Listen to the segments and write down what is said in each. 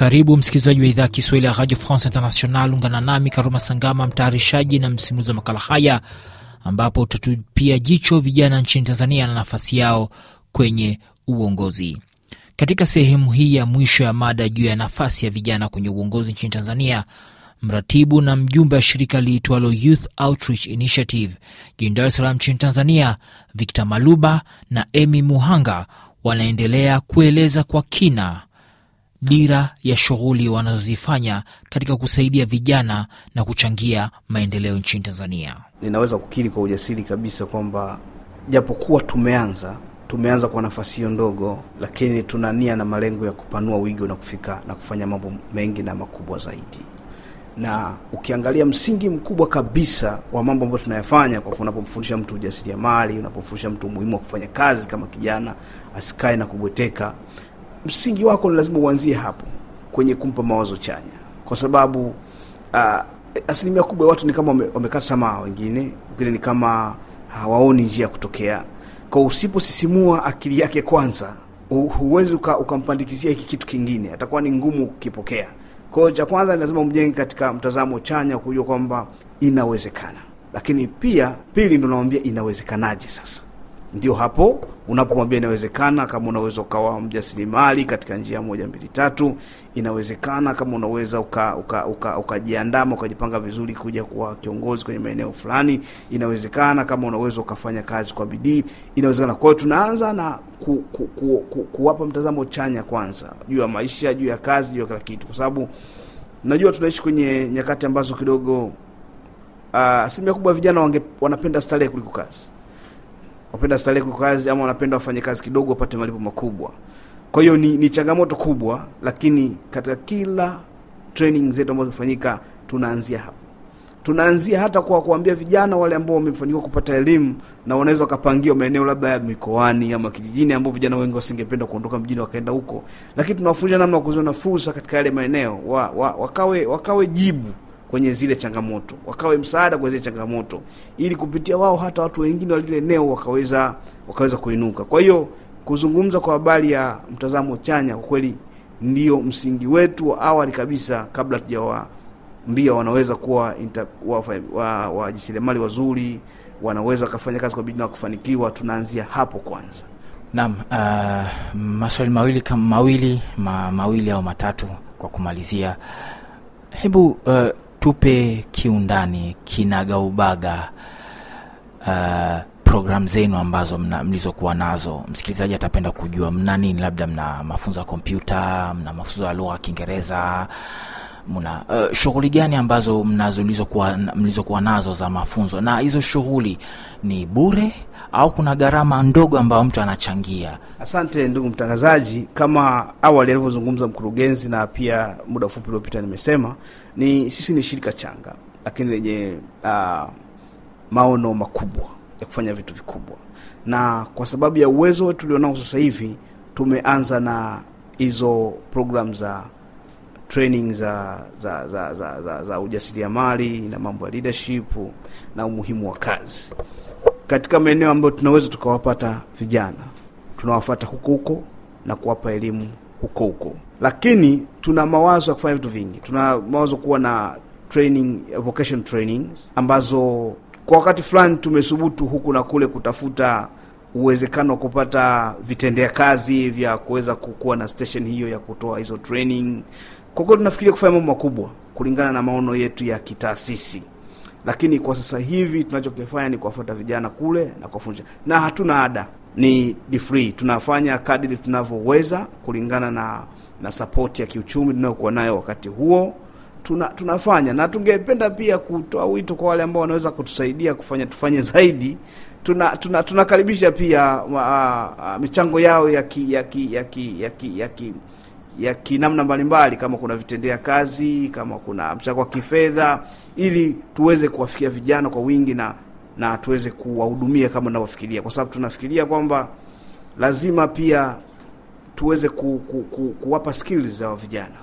Karibu msikilizaji wa idhaa ya Kiswahili ya Radio France International. Ungana nami Karuma Sangama, mtayarishaji na msimuzi wa makala haya, ambapo utatupia jicho vijana nchini Tanzania na nafasi yao kwenye uongozi. Katika sehemu hii ya mwisho ya mada juu ya nafasi ya vijana kwenye uongozi nchini Tanzania, mratibu na mjumbe wa shirika liitwalo Youth Outreach Initiative jijini Dar es Salaam nchini Tanzania, Victor Maluba na Emy Muhanga wanaendelea kueleza kwa kina dira ya shughuli wanazozifanya katika kusaidia vijana na kuchangia maendeleo nchini Tanzania. Ninaweza kukiri kwa ujasiri kabisa kwamba japokuwa tumeanza tumeanza kwa nafasi hiyo ndogo, lakini tuna nia na malengo ya kupanua wigo na kufika na kufanya mambo mengi na makubwa zaidi. Na ukiangalia msingi mkubwa kabisa wa mambo ambayo tunayafanya, kwa unapomfundisha mtu ujasiriamali, unapomfundisha mtu umuhimu wa kufanya kazi kama kijana, asikae na kubweteka msingi wako ni lazima uanzie hapo kwenye kumpa mawazo chanya, kwa sababu uh, asilimia kubwa ya watu ni kama wamekata tamaa, wengine wengine ni kama hawaoni njia ya kutokea. Kwa usiposisimua akili yake kwanza, huwezi uka, ukampandikizia hiki kitu kingine, atakuwa ni ngumu kukipokea. kwao cha kwanza ni lazima umjenge katika mtazamo chanya, kujua kwamba inawezekana. Lakini pia pili, ndo nawambia inawezekanaje sasa ndio hapo unapomwambia inawezekana, kama unaweza ukawa mjasilimali katika njia moja mbili tatu, inawezekana kama unaweza ukajiandama uka, uka, uka ukajipanga vizuri kuja kuwa kiongozi kwenye maeneo fulani, inawezekana kama unaweza ukafanya kazi kwa bidii, inawezekana. Kwa hiyo tunaanza na ku, ku, ku, ku, kuwapa mtazamo chanya kwanza juu ya maisha, juu ya kazi, juu ya kila kitu, kwa sababu najua tunaishi kwenye nyakati ambazo kidogo ah, asilimia uh, kubwa vijana wange, wanapenda starehe kuliko kazi wapenda starehe kuliko kazi ama wanapenda wafanye kazi kidogo wapate malipo makubwa kwa hiyo ni, ni changamoto kubwa lakini katika kila training zetu ambazo zimefanyika tunaanzia hapo tunaanzia hata kwa kuambia vijana wale ambao wamefanikiwa kupata elimu na wanaweza wakapangiwa maeneo labda ya mikoani ama kijijini ambao vijana wengi wasingependa kuondoka mjini wakaenda huko lakini tunawafundisha namna ya kuziona fursa katika yale maeneo wa, wa, wakawe, wakawe jibu kwenye zile changamoto, wakawe msaada kwenye zile changamoto, ili kupitia wao hata watu wengine wa lile eneo wakaweza wakaweza kuinuka. Kwa hiyo kuzungumza kwa habari ya mtazamo chanya kwa kweli ndio msingi wetu wa awali kabisa, kabla tujawaambia wanaweza kuwa wajasiriamali wa, wa, wazuri, wanaweza wakafanya kazi kwa bidii na kufanikiwa. Tunaanzia hapo kwanza. Naam, uh, maswali mawili kama mawili ma, mawili au matatu kwa kumalizia, hebu uh, tupe kiundani kinagaubaga uh, programu zenu ambazo mlizokuwa nazo. Msikilizaji atapenda kujua mna nini, labda mna mafunzo ya kompyuta, mna mafunzo ya lugha ya Kiingereza, mna uh, shughuli gani ambazo mnazo mlizokuwa nazo za mafunzo, na hizo shughuli ni bure au kuna gharama ndogo ambayo mtu anachangia? Asante ndugu mtangazaji, kama awali alivyozungumza mkurugenzi na pia muda mfupi uliopita nimesema, ni sisi ni shirika changa lakini lenye uh, maono makubwa ya kufanya vitu vikubwa, na kwa sababu ya uwezo ulionao sasa hivi tumeanza na hizo programu za training za za za, za, za, za ujasiriamali na mambo ya leadership na umuhimu wa kazi katika maeneo ambayo tunaweza tukawapata vijana, tunawafata huko huko na kuwapa elimu huko huko, lakini tuna mawazo ya kufanya vitu vingi. Tuna mawazo kuwa na training, vocation training ambazo kwa wakati fulani tumethubutu huku na kule kutafuta uwezekano wa kupata vitendea kazi vya kuweza kukuwa na station hiyo ya kutoa hizo training kwa kweli tunafikiria kufanya mambo makubwa kulingana na maono yetu ya kitaasisi, lakini kwa sasa hivi tunachokifanya ni kuwafuata vijana kule na kuwafundisha, na hatuna ada, ni free. Tunafanya kadiri tunavyoweza kulingana na na sapoti ya kiuchumi tunayokuwa nayo wakati huo tuna, tunafanya na tungependa pia kutoa wito kwa wale ambao wanaweza kutusaidia kufanya tufanye zaidi. Tuna, tuna tunakaribisha pia uh, uh, michango yao ya ki, ya ki, ya ki, ya ki, ya ki, ya kinamna mbalimbali, kama kuna vitendea kazi, kama kuna mchango wa kifedha, ili tuweze kuwafikia vijana kwa wingi na na tuweze kuwahudumia kama unavyofikiria kwa sababu tunafikiria kwamba lazima pia tuweze ku, ku, ku, kuwapa skills za vijana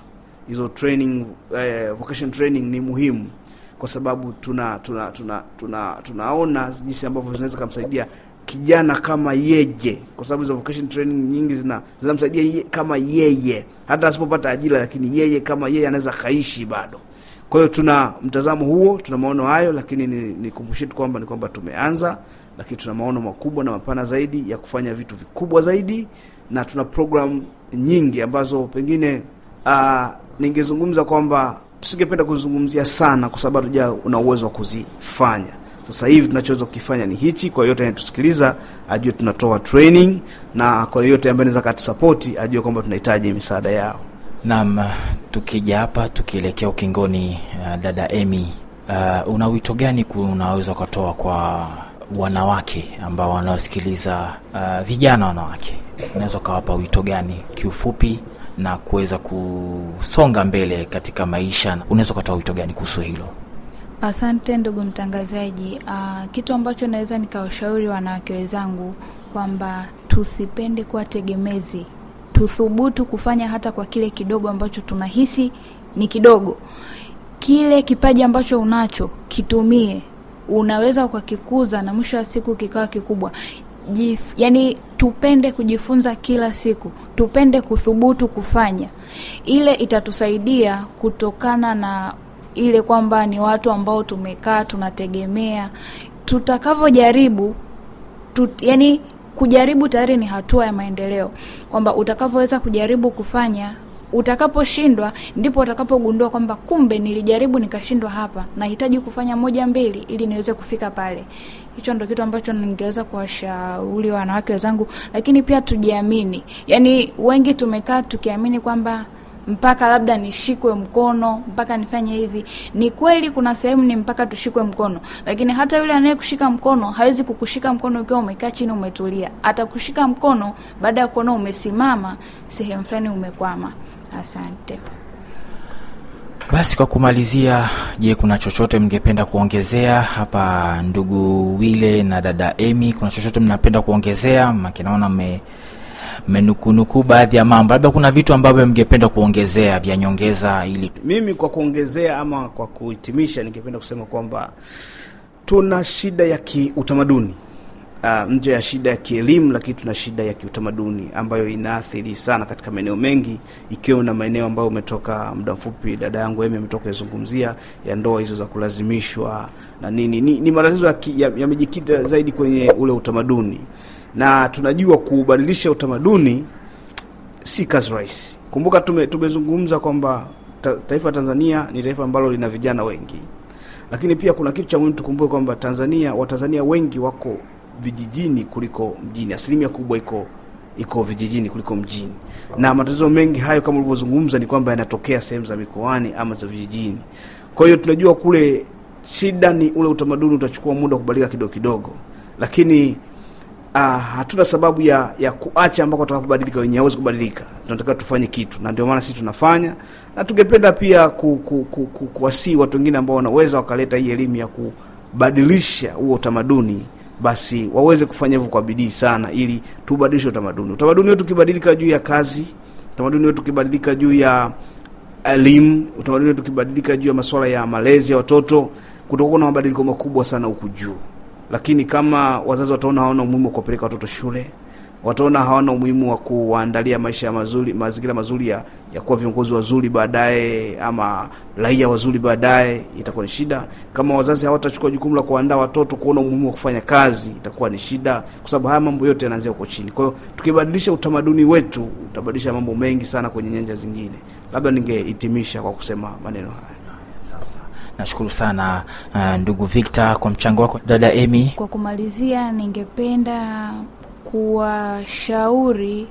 hizo training, eh, vocation training ni muhimu kwa sababu tuna tuna tuna, tuna tunaona jinsi ambavyo zinaweza kumsaidia kijana kama yeye kwa sababu za vocation training nyingi zina zinamsaidia ye, kama yeye, hata asipopata ajira, lakini yeye kama yeye anaweza kaishi bado. Kwa hiyo tuna mtazamo huo, tuna maono hayo, lakini nikumbushie ni tu kwamba ni kwamba tumeanza, lakini tuna maono makubwa na mapana zaidi ya kufanya vitu vikubwa zaidi, na tuna program nyingi ambazo pengine uh, ningezungumza kwamba tusingependa kuzungumzia sana, kwa sababu hatuja una uwezo wa kuzifanya sasa hivi tunachoweza kukifanya ni hichi. Kwa yote anayetusikiliza ajue tunatoa training, na kwa yote ambaye anaweza katusapoti ajue kwamba tunahitaji misaada yao. nam uh, tukija hapa tukielekea ukingoni, uh, dada Emi, uh, una wito gani unaweza ukatoa kwa wanawake ambao wanaosikiliza, uh, vijana wanawake, unaweza ukawapa wito gani kiufupi na kuweza kusonga mbele katika maisha, unaweza ukatoa wito gani kuhusu hilo? Asante ndugu mtangazaji. Uh, kitu ambacho naweza nikawashauri wanawake wenzangu kwamba tusipende kuwa tegemezi, tuthubutu kufanya hata kwa kile kidogo ambacho tunahisi ni kidogo. Kile kipaji ambacho unacho kitumie, unaweza ukakikuza na mwisho wa siku kikawa kikubwa. Jif, yani tupende kujifunza kila siku, tupende kuthubutu kufanya ile, itatusaidia kutokana na ile kwamba ni watu ambao tumekaa tunategemea tutakavyojaribu tut, yani kujaribu tayari ni hatua ya maendeleo, kwamba utakavyoweza kujaribu kufanya utakaposhindwa ndipo utakapogundua kwamba kumbe nilijaribu nikashindwa, hapa nahitaji kufanya moja mbili ili niweze kufika pale. Hicho ndo kitu ambacho ningeweza kuwashauri wanawake wenzangu, lakini pia tujiamini. Yani wengi tumekaa tukiamini kwamba mpaka labda nishikwe mkono, mpaka nifanye hivi. Ni kweli kuna sehemu ni mpaka tushikwe mkono, lakini hata yule anayekushika mkono hawezi kukushika mkono ukiwa umekaa chini umetulia. Atakushika mkono baada ya kuona umesimama sehemu fulani umekwama. Asante. Basi kwa kumalizia, je, kuna chochote mngependa kuongezea hapa, ndugu Wile na dada Emi? Kuna chochote mnapenda kuongezea? Maana naona mme mmenukunukuu baadhi ya mambo, labda kuna vitu ambavyo mngependa kuongezea vya nyongeza ili. Mimi kwa kuongezea ama kwa kuhitimisha, ningependa kusema kwamba tuna shida ya kiutamaduni uh, nje ya shida ya kielimu, lakini tuna shida ya kiutamaduni ambayo inaathiri sana katika maeneo mengi, ikiwemo na maeneo ambayo umetoka muda mfupi dada yangu Emi ametoka kuzungumzia ya ndoa hizo za kulazimishwa na nini. Ni, ni matatizo yamejikita ya zaidi kwenye ule utamaduni na tunajua kuubadilisha utamaduni si kazi rahisi. Kumbuka tume, tumezungumza kwamba ta, taifa Tanzania ni taifa ambalo lina vijana wengi, lakini pia kuna kitu cha muhimu tukumbuke kwamba Tanzania, Watanzania wengi wako vijijini kuliko mjini. Asilimia kubwa iko iko vijijini kuliko mjini, na matatizo mengi hayo kama ulivyozungumza ni kwamba yanatokea sehemu za mikoani ama za vijijini. Kwa hiyo tunajua kule shida ni ule utamaduni utachukua muda kubadilika kidogo kidogo, lakini ah, hatuna sababu ya ya kuacha ambako watakapobadilika wenyewe hawezi kubadilika. Tunatakiwa tufanye kitu, na ndio maana sisi tunafanya, na tungependa pia ku, ku, ku, ku, kuwasii watu wengine ambao wanaweza wakaleta hii elimu ya kubadilisha huo utamaduni basi waweze kufanya hivyo kwa bidii sana, ili tubadilishe utamaduni. Utamaduni wetu ukibadilika juu ya kazi, utamaduni wetu ukibadilika juu ya elimu, utamaduni wetu ukibadilika juu ya masuala ya malezi ya watoto, kutokuwa na mabadiliko makubwa sana huku juu. Lakini kama wazazi wataona hawana umuhimu wa kuwapeleka watoto shule, wataona hawana umuhimu wa kuwaandalia maisha mazuri, mazingira mazuri ya, ya kuwa viongozi wazuri baadaye ama raia wazuri baadaye, itakuwa ni shida. Kama wazazi hawatachukua jukumu la kuandaa watoto kuona umuhimu wa kufanya kazi, itakuwa ni shida, kwa sababu haya mambo yote yanaanzia huko chini. Kwa hiyo tukibadilisha utamaduni wetu, utabadilisha mambo mengi sana kwenye nyanja zingine. Labda ningehitimisha kwa kusema maneno haya. Nashukuru sana uh, ndugu Victor kwa mchango wako. Dada Emi, kwa kumalizia, ningependa kuwashauri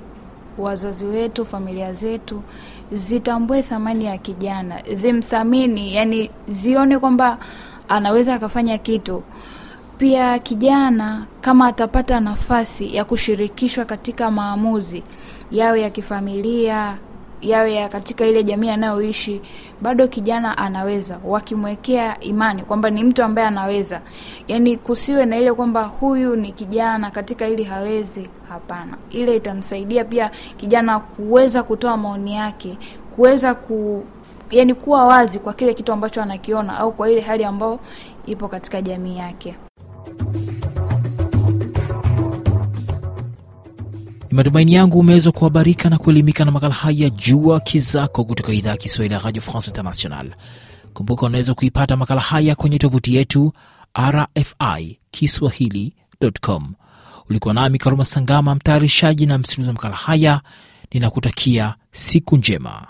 wazazi wetu, familia zetu zitambue thamani ya kijana, zimthamini, yani zione kwamba anaweza akafanya kitu. Pia kijana kama atapata nafasi ya kushirikishwa katika maamuzi yawe ya kifamilia, yawe ya katika ile jamii anayoishi, bado kijana anaweza, wakimwekea imani kwamba ni mtu ambaye anaweza. Yani kusiwe na ile kwamba huyu ni kijana katika ili hawezi. Hapana, ile itamsaidia pia kijana kuweza kutoa maoni yake, kuweza ku yani kuwa wazi kwa kile kitu ambacho anakiona au kwa ile hali ambayo ipo katika jamii yake. matumaini yangu umeweza kuhabarika na kuelimika na makala haya Jua Kizako kutoka idhaa ya Kiswahili ya Radio France International. Kumbuka unaweza kuipata makala haya kwenye tovuti yetu RFI Kiswahili.com. Ulikuwa nami Karuma Sangama, mtayarishaji na msimulizi wa makala haya. Ninakutakia siku njema.